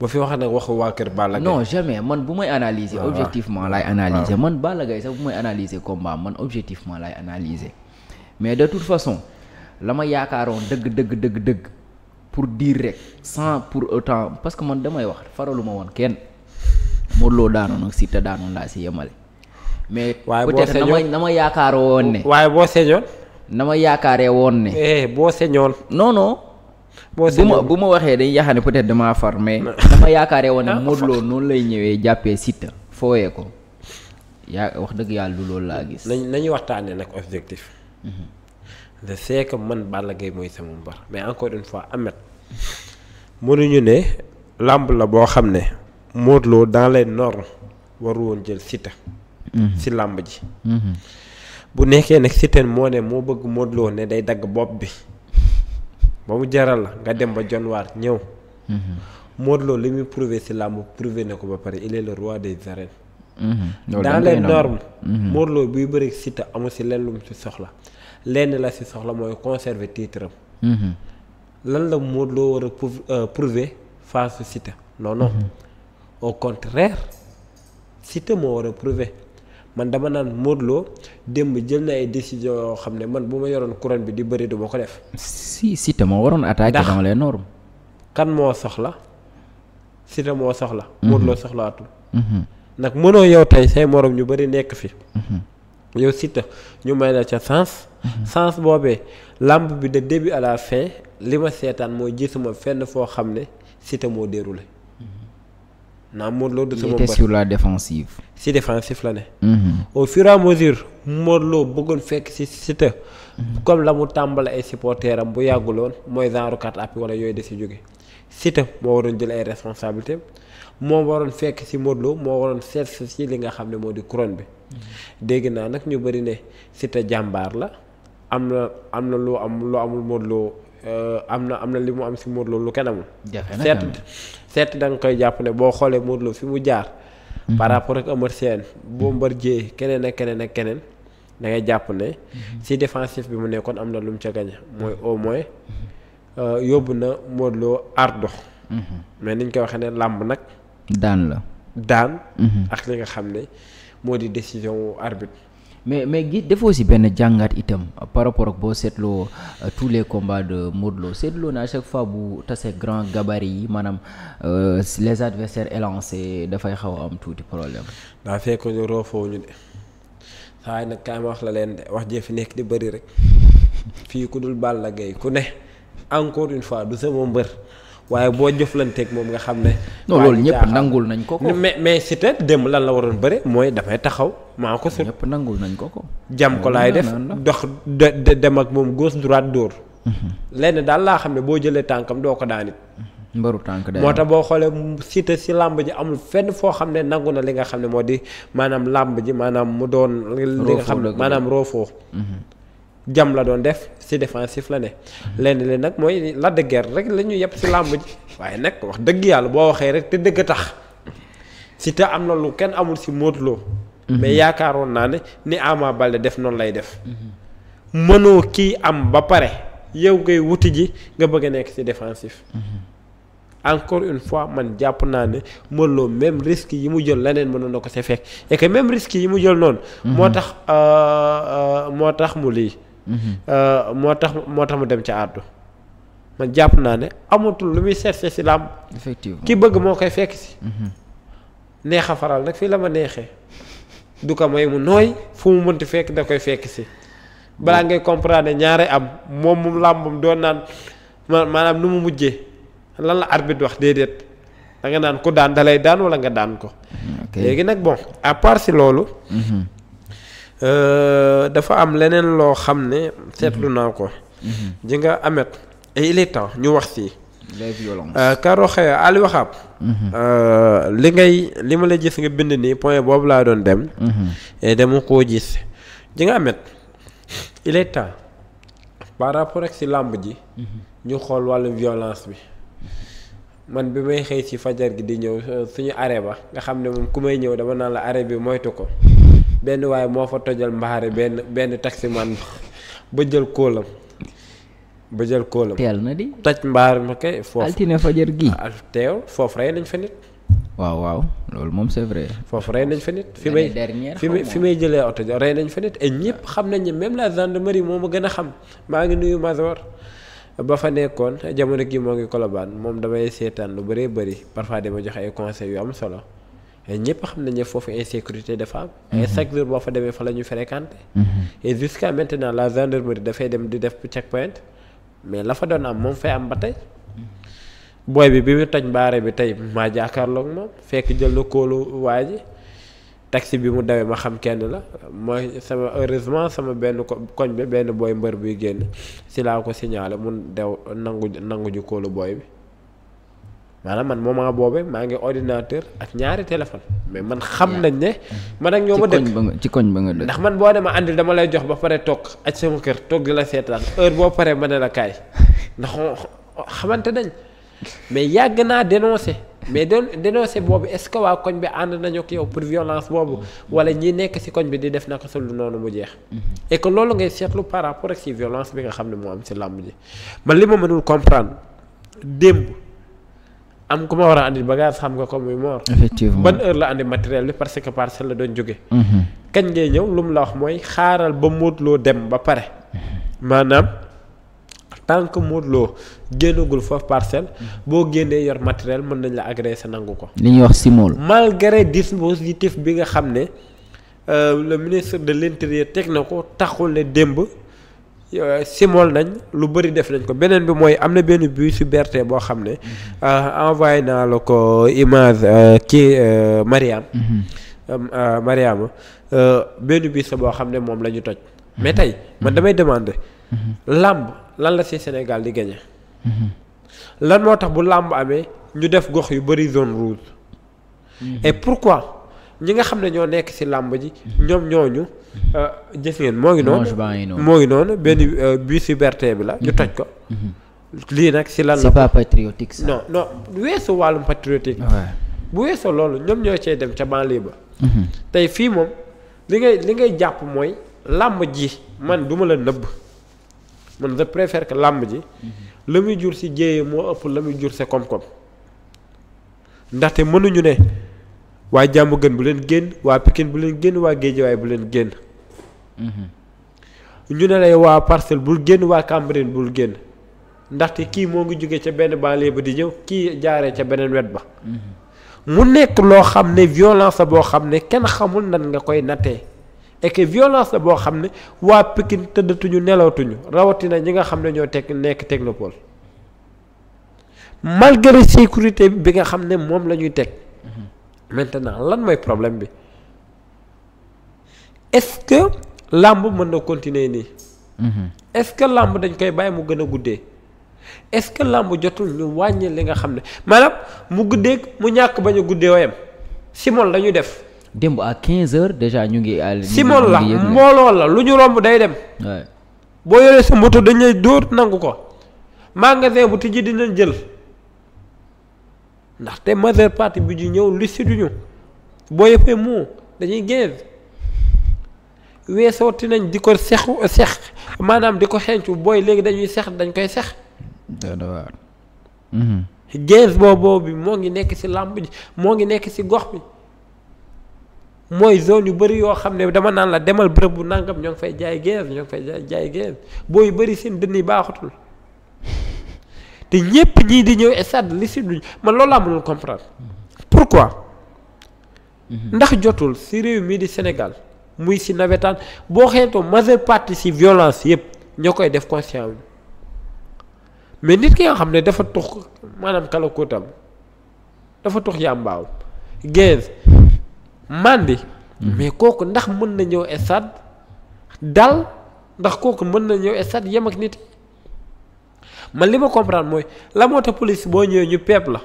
ba fi wax nag waxu waa kër Balla Gaye non jamais man bu may analyser ah, objectivement ah. laay analyser ah. man Balla Gaye sax bu may analyser combat man objectivement laay analyser mais de toute façon la ma yaakaaroon dëgg dëgg dëgg dëgg pour diir rek sans pour autant parce que man damay wax faraluma woon kenn loo Lo daanoon ak Siteu daanoon laa si yemale mais peut-être na ma woon ne waaye boo señoon na ma yaakaaree woon ne eh, boo señoon non boo bu ma bu ma waxee dañuy yaxane ne peut-être far mais. dama yaakaaree woon ne ah, Modou noonu lay ñëwee jàppee sita fooyee ko yaa wax dëgg yàlla loolu laa gis. nañ nañu waxtaanee nag objectif. de mhm. c'est man Balla Gaye mooy sama mbar mais encore une fois Ahmed mënuñu ne làmb la boo xam ne Modou Lo dans les waru woon jël Siteu. Mhm. si làmb ji. Mhm. bu nekkee nag Siteu moo ne moo bëgg mootloo ne day dagg bopp bi. ba mu jaral la nga dem ba janvier ñëw. Mhm. Modou Lo li muy prouvé si làmb prouvé na ko ba pare il est le roi des arènes. Mhm. dans les normes. Mhm. Modou buy bëri Siteu amul si lenn lu mu si soxla lenn la si soxla mooy conserver titre lan la Modou Lo war a euh, prouver face Siteu non non. au contraire Siteu moo war a man dama naan Modou démb jël na ay décision yoo xam ne man bu ma yoroon couronne bi di bëri du ma ko def. si Siteu moo waroon attaqué dans les normes. kan moo soxla Siteu moo soxla. Mhm. Modou Lo soxlaatul. Mhm. nag mënoo yow tey say morom ñu bëri nekk fi. Mhm. yow Siteu ñu may na ca sens. sens boobee làmb bi de début à la fin li ma seetaan mooy gisuma fenn foo xam ne sita moo déroulé. naa Modou Lo sama mbër sur la défensive. si défensif la ne. Mhm. au fur à mesure Modou bëggoon fekk si Siteu. Mhm. comme la mu tàmbale ay supporters am bu yàgguloon mooy genre carte à appui wala yooyu de si jóge Siteu moo waroon jël ay responsabilité moo waroon fekk si Modou moo waroon seet si li nga xam ne moo di couronne bi. Mhm. dégg naa nag ñu bëri ne Siteu jàmbaar la am na am na loo am loo amul Modou Euh, am na am na li mu am si Modou lu kenn amul. jafe seet seet da koy jàpp ne boo xoolee Modou fi mu jaar. Mhm. par rapport ak Eumeu Sène Bombardier keneen ak keneen ak keneen da ngay jàpp ne. Mhm. si défensif bi mu nekkoon am na lu mu ca gañe mooy au moins mhm. euh, yóbbu na Modou Lo ardo mais niñ koy waxee ne làmb nag. daan la daan. ak li nga xam ne moo di décision wu arbitre. mais mais gi defoo si benn jàngat itam par rapport ak boo seetloo euh, tous les combats de Modou Lo seetloo na à chaque fois bu tasee grand gabari yi maanaam euh, les adversaires élancés dafay xaw am tuuti problème. daa fekk ñu roofoo ñu de saa nag kaay ma wax la leen de wax jee fi nekk di bëri rek fii ku dul Balla Gaye ku ne encore une fois du sama mbër. waaye boo jëflanteeg moom nga xam ne. non loolu ñëpp nangul nañ ko ko. mais mais si te dem lan la waroon bëre mooy damay taxaw. maa ko sut ñëpp nangul nañ ko ko. jam ko laay def dox dem ak moom gauche droite dóor. Mhm. lenn daal laa xam ne boo jëlee tànkam doo ko daanit mhm. mbaru tànk moo tax boo xoolee Siteu si làmb ji amul fenn foo xam ne nangu na li nga xam ne moo di maanaam làmb ji maanaam mu doon. li nga xam ne maanaam roofoo. Mhm. jam la doon def ci défensif la ne lenn leen nag mooy la de Guiers rek la ñu yëpp ci làmb ji waaye nag wax dëgg yàlla boo waxee rek te dëgg tax te am na lu kenn amul ci Modou mais yaakaaroon naa ne ni Ama Baldé def noonu lay def mënoo kii am ba pare yow ngay wuti ji nga bëgg a nekk ci défensif encore une fois man jàpp naa ne Modou Lo même risque yi mu jël leneen mënoon na ko ci fekk et que même risque yi mu jël noonu moo tax euh, euh, moo tax mu lii moo tax moo tax mu dem ca àddu ma jàpp naa ne amatul lu muy cherché si làmb effectivement ki bëgg moo koy fekk si mhm. neex a faral nag fii la ma neexee du ko may mu nooy fu mu mënti fekk da koy fekk si balaa ngay comprendre ñaare am moom mu làmbam doon naan maanaam lu mu mujjee lan la arbitre wax déedéet da nga naan ku daan dalay daan wala nga daan ko léegi nag bon à si loolu mhm. Euh, dafa am leneen loo xam ne seetlu mhm. naa ko mhm. ji nga amet et il est temps ñu wax si les violences euh, Karo mhm. euh, li ngay li ma la gis nga bind nii point boobu laa doon dem et dama koo gis ji nga amet il est temps par rapport ak si làmb ji ñu xool wàllu violence bi man bi may xëy ci fajar gi di ñëw suñu arrêt ba nga xam ne moom ku may ñëw dama naan la arrêt bi moytu ko benn waaye moo fa tojal mbaxare benn benn taximan ba jël kóolam ba jël kóolam. teel na di toj mbaar ma kay. foofu altine fajar gi ah, teew foofu rey nañ fa nit. waaw waaw loolu moom c'est vrai. foofu rey nañ fa nit. fi may fi may fi may jëlee oto jo rey nañ fa nit et ñëpp xam nañ ne même la gendarmerie moo ma gën a xam maa ngi nuyu Mazor. ba fa nekkoon jamono gi moo ngi kolobaan moom damay seetaan lu bëree bëri parfois dama joxe ay conseils yu am solo. ñëpp xam nañ ne foofu insécurité dafa am. Mhm. et chaque jour boo fa demee fa la ñu fréquenté. Mhm. et jusqu'à maintenant la gendarmerie dafay dem di def checkpoint mais la fa doon am moom fay am ba tey. Mhm. booy bi bi mu toj baare bi tey maa jàkkaarloog moom fekk jël na kóolu waa ji taxi bi mu dawee ma xam kenn la mooy sama heureusement sama benn koñ bi benn booy mbër buy génn si laa ko signalé mun dew nangu nanguju koolu booy bi. maanaam man moment boobee maa ngi ordinateur ak ñaari téléphone mais man xam nañ ne. man ak ñoo ma dëkk ci koñ ba nga dëkk. ndax man boo demee andil dama lay jox ba pare toog aj sama kër toog la seetaan heure boo paree ma ne la kaay ndax xamante nañ mais yàgg naa dénoncé mais dénoncé boobu est-ce que waa koñ bi ànd nañu ak yow pour violence boobu wala ñii nekk ci koñ bi di def naka lu noonu mu jeex. Mm-hmm. et loolu ngay seetlu par rapport ak si violence bi nga xam ne moo am ci làmb ji man li ma mënul comprendre démb. am ku ma war a andi bagage xam nga ko muy moor effectivement ban heure la andi matériel bi parce que parcelle la doon jóge mhm. kañ ngay ñëw lu mu la wax mooy xaaral ba Modou dem ba pare maanaam tant que Modou génnagul foofu parcelle boo génnee yor matériel mën nañ la sa nangu ko li ñuy wax simool malgré dispositif bi nga xam ne euh, le ministre de l'intérieur teg na ko taxul ne démb Euh, simol nañ lu bëri def nañ ko beneen bi mooy am na benn bus su berte boo xam ne euh, envoyé naa la ko image euh, kii Mariam mm-hmm. Mariama benn bus boo xam ne moom la ñu toj mais tey man mm-hmm. damay demander mm-hmm. làmb lan la ci Sénégal di gagné lan moo tax bu làmb amee ñu def gox yu bëri zone rouge et pourquoi ñi nga xam ne ñoo nekk ci làmb ji ñoom ñooñu euh, gis moo ngi noonu moo ngi noonu benn euh, bus liberté bi la ñu mhm. toj ko mhm. lii nag ci lan la c'est pas patriotique ça non non weesu wàllum patriotique bu weesoo loolu ñoom ñoo cee dem ca banlieue ba mhm. tey fii moom li ngay li ngay jàpp mooy làmb ji man duma ma la nëbb man je préfère làmb ji la muy jur ci jéeye moo ëpp la muy jur sa koom-koom ndaxte mënuñu ne waa jàmm gën bu leen génn waa pikin bu leen génn waa Géejawaay bu leen génn. Mhm. ñu ne lay waa parcelle bul génn waa Cambérène bul génn ndaxte kii moo ngi jóge ca benn banlieue ba di ñëw kii jaaree ca beneen wet ba. Mhm. mu nekk loo xam ne violence boo xam ne kenn xamul nan nga koy nattee et que violence boo xam ne waa Pikine tëddatuñu nelawtuñu rawatina ñi nga xam ne ñoo teg nekk technopole malgré sécurité bi nga xam ne moom la ñuy teg. maintenant lan mooy problème bi est-ce que làmb mën na continuer nii. Mhm. est-ce que làmb dañ koy bàyyi mu gën a guddee. est-ce que làmb jotul ñu wàññi li nga xam ne maanaam mu guddee mu ñàkk bañ a guddee wayam simon la ñu def. démb ak 15 heures déjà ñu ngi. à euh, simon la mbooloo la lu ñu romb day dem. boo yoree sa moto dañuy dóor nangu ko magasin bu tijji dinañ jël. ndaxte majeure partie bi ñu ñëw liste du ñu boo yëppee moo dañuy génn weesooti nañ di ko sexu sex maanaam di ko xencu booy léegi dañuy sex dañ koy sex gens booboo bi moo ngi nekk ci làmb ji moo ngi nekk ci gox bi mooy zone yu bari yoo xam ne dama naan la demal bërëb bu nangam ñoo ngi fay jaay gens ñoo ngi fay jaay gens booy bëri seen dënn yi baaxatul te ñëpp ñii di ñëw stade li si duñ man loolu laa mënul comprendre pourquoi mhm. ndax jotul si réew mii di Sénégal muy si nawetaan boo xeentoo majeure partie si violence yëpp ñoo koy def conscient wu mais nit ki nga xam ne dafa tux maanaam kala kóotam dafa tux yàmbaaw gaz mandi mhm. mais kooku ndax mën na ñëw stade dal ndax kooku mën na ñëw stade yem ak nit man li ma comprendre mooy la moo police boo ñëwee ñu peep la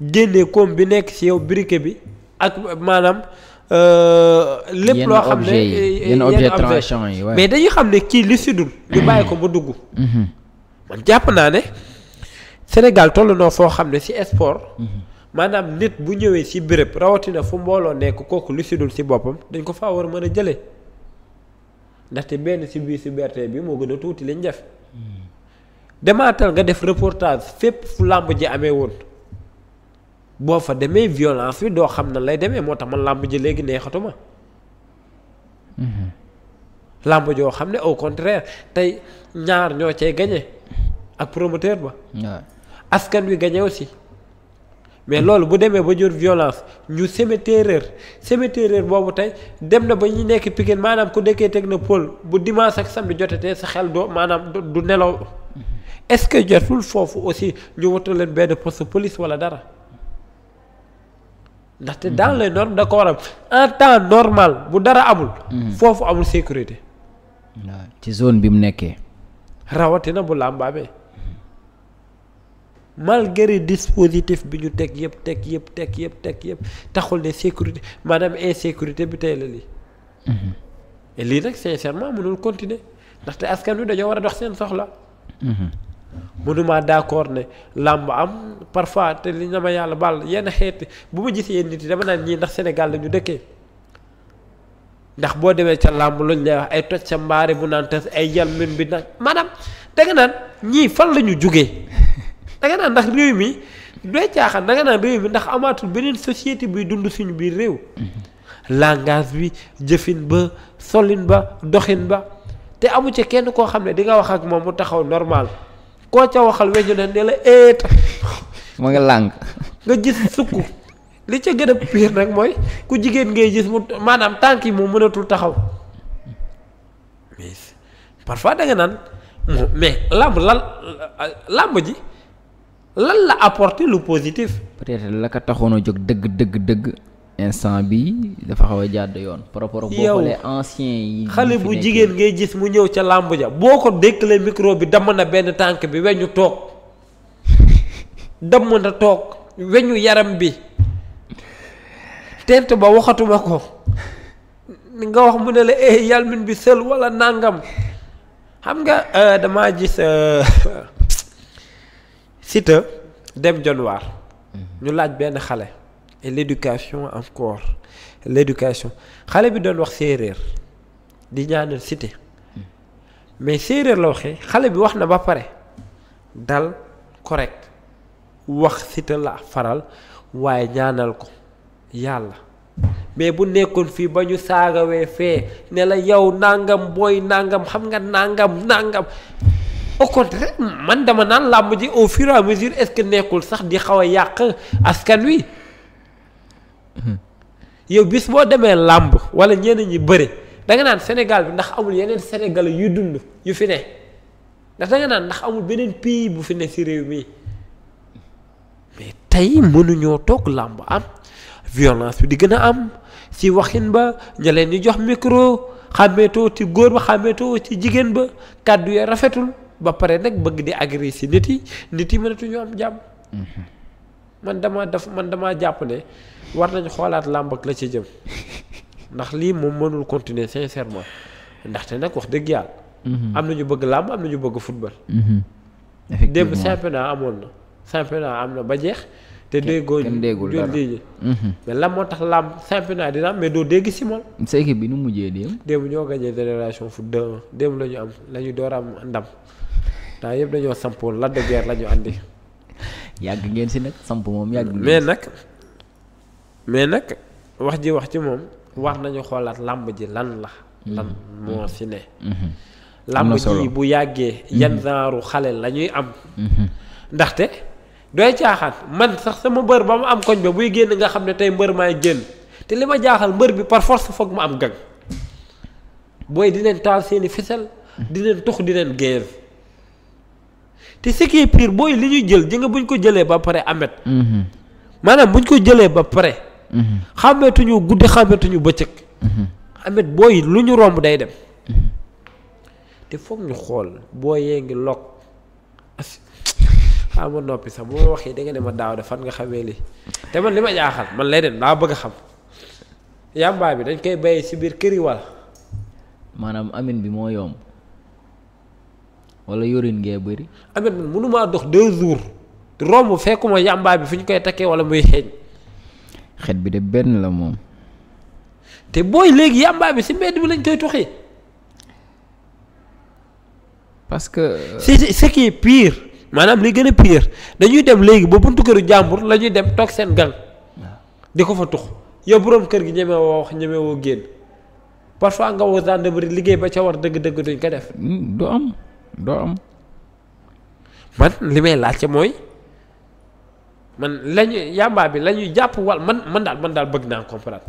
génnee koom bi nekk ci yow briquet bi ak maanaam euh, lépp loo xam ne yi mais dañuy xam ne kii li si dul ñu mm-hmm. bàyyi ko mu dugg mm-hmm. man jàpp naa ne Sénégal toll noo foo xam ne ci sport mm-hmm. maanaam nit bu ñëwee ci béréb rawatina fu mbooloo nekk kooku lu si dul ci boppam dañ ko faa war mën a jële ndaxte benn ci biir ci liberté bi moo gën a tuuti lañ def demaatal nga def reportage fépp fu làmb ji amee woon boo fa demee violence bi doo xam na lay demee moo tax man làmb ji léegi neexatuma mhm. làmb joo xam ne au contraire tey ñaar ñoo cay gañe ak promoteur ba askan wi gañe aussi mais loolu bu demee ba jur violence ñu seme téeréer seme téeréer boobu tey dem na ba ñu nekk Pikine maanaam ku dëkkee Technopole bu dimanche ak samedi jotatee sa xel doo maanaam du nelaw est-ce que jotul foofu aussi ñu wutal leen benn poste police wala dara ndaxte dans mhm. les normes da ko war a en temps normal bu dara amul. Mhm. foofu amul sécurité. ci zone bi mu nekkee. rawatina bu làmbaamee malgré dispositif bi ñu teg yëpp teg yëpp teg yëpp teg yëpp taxul ne sécurité maanaam sécurité bi tey la lii. Mhm. et lii nag sincèrement mënul continuer ndaxte askan wi dañoo war a dox seen soxla. mënuma d'accord ne làmb am parfois te li na ma yàlla baal yenn xeet bu ma gisee nit yi dama naan ñii ndax Sénégal la ñu dëkkee ndax boo demee ca làmb luñ lay wax ay toj sa mbaari bu naan tas ay yal min bi nag maanaam da nga naan ñii fan la ñu jugee da nga naan ndax réew mi doy caaxaan da nga naan réew mi ndax amaatul beneen société buy dund suñu biir réew langage bi jëfin ba solin ba doxin ba te amu ci kenn koo xam ne dinga wax ak moom mu taxaw normal koo ca waxal weñu ne la eet mu ngi làng nga gis sukk li ca gën a pire nag mooy ku jigéen ngay gis mu maanaam tànk yi mu mënatul taxaw mais parfois danga nga naan mais làmb lan làmb ji lan la apporter lu positif peut la ko taxoon a jóg dëgg dëgg dëgg instant bi dafa xaw a jàdd yoon. par rapport ak boo xoolee ancien yi. xale bu jigéen ngay gis mu ñëw ca làmb ja boo ko dékkalee micro bi damm na benn tànk bi weñu toog damm na toog weñu yaram bi tent ba waxatuma ko nga wax mu ne la eh bi sël walla nàngam xam nga euh, dama damaa gis uh, dem januar ñu laaj benn xale. et l'éducation encore l'éducation xale bi doon wax séeréer di ñaanal cité mais séeréer la waxee xale bi wax na ba pare dal correct wax cité la faral waaye ñaanal ko yàlla mais bu nekkoon fii ba ñu saagawee fee ne la yow nangam booy nangam xam nga nàngam nangam au contraire man dama naan làmb ji au fur et à mesure est-ce que nekkul sax di xaw a yàq askan wi yow bis boo demee làmb wala ñeneen ñi bëri da naan Sénégal bi ndax amul yeneen Sénégal yu dund yu fi ne ndax da naan ndax amul beneen pays bu fi ne ci réew mii mais tey mënuñoo toog làmb am violence bi di gën a am si waxin ba ña leen di jox micro xàmmeetoo ci góor ba xàmmeetoo ci jigéen ba kàddu ya rafetul ba pare nag bëgg di agressé nit yi nit yi mënatuñu am jàmm mhm. man dama daf man dama jàpp ne war nañu xoolaat làmb ak la ci jëm ndax lii moom mënul continuer sincèrement ndaxte nag wax dëgg yàlla. Mhm. am na ñu bëgg làmb am na ñu bëgg football. Mhm. effectivement démb championnat amoon na championnat am na ba jeex. te déggoo kenn déggul dara mhm. mais lan moo tax làmb championnat dina am mais dégg si moom. sa bi nu mujjee démb. démb ñoo gagné génération foot deux démb la ñu am la ñu door am ndam temps yëpp dañoo sampoon la guerre la ñu andi. yàgg ngeen si nag samp moom yàgg. mais nag. mais nag wax ji wax ci moom war nañu xoolaat làmb ji lan la. Hmm. lan moo hmm. fi ne. Hmm. làmb ji bu yàggee. yan genre xale lañuy am. ndaxte doy caaxaan man sax sama mbër ba mu am koñ ba buy génn nga xam ne tey mbër maay génn te li ma jaaxal mbër bi par force foog mu am gang booy di leen taal seeni ficelle. di leen tux di leen géer te ce qui booy li ñu jël ji nga buñ ko jëlee ba pare amet maanaam buñ ko jëlee ba pare. xàmmeetuñu guddi xàmmeetuñu bëccëg. amet booy lu ñu romb day dem. te foog ñu xool boo yee ngi lokk as noppi sax boo ma waxee danga nga ne ma daaw de fan nga xamee lii te man li ma jaaxal man lay dem daa bëgg xam yàmbaa bi dañ koy bayee ci biir kër yi wala. maanaam amin bi moo yomb wala yorin ngee bëri. amin man mënumaa dox deux jours romb fekkuma yàmbaar bi fu ñu koy takkee wala muy xeeñ. xet bi de benn la moom. te booy léegi yàmbaa bi si mbedd bi lañ koy toxee. parce que. Euh, c'est ce qui est maanaam li gën a pire dañuy dem léegi ba buntu këru jàmbur la ñuy dem toog seen gang. di ko fa tux yow boroom kër gi ñeme woo wax ñeme génn parfois nga woo gendarmerie liggéey ba ca war dëgg-dëgg duñ ko def. Hmm, du am du am. man li may laajte mooy. man lañu yàmbaa bi la ñuy jàpp wal man man daal man daal bëgg naa comprendre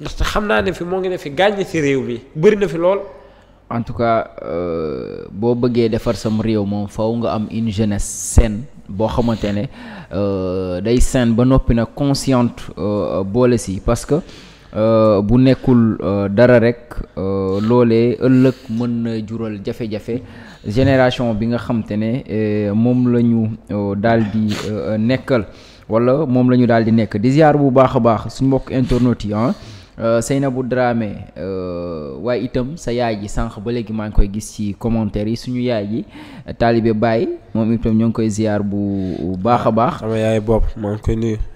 ndaxte xam naa ne fi moo ngi ne fi gàññi ci réew mi bëri na fi lool en tout cas euh, boo bëggee defar sam réew moom faw nga am une jeunesse saine boo xamante ne euh, day saine ba noppi na consciente euh, boole si parce que bu nekkul dara rek loolee ëllëg mën na jural jafe-jafe génération bi nga xam te ne euh, moom la ñu euh, daal di euh, nekkal wala moom la ñu daal di nekk di ziar bu baax a baax su mbokk internautes yi ah Seynabou Dramé waaye itam sa yaay ji sànq ba léegi maa ngi koy gis ci commentaire yi suñu yaay ji taalibe Baye moom itam ñoo ngi koy ziar bu baax a baax. sama yaay bopp maa ngi koy nuyu.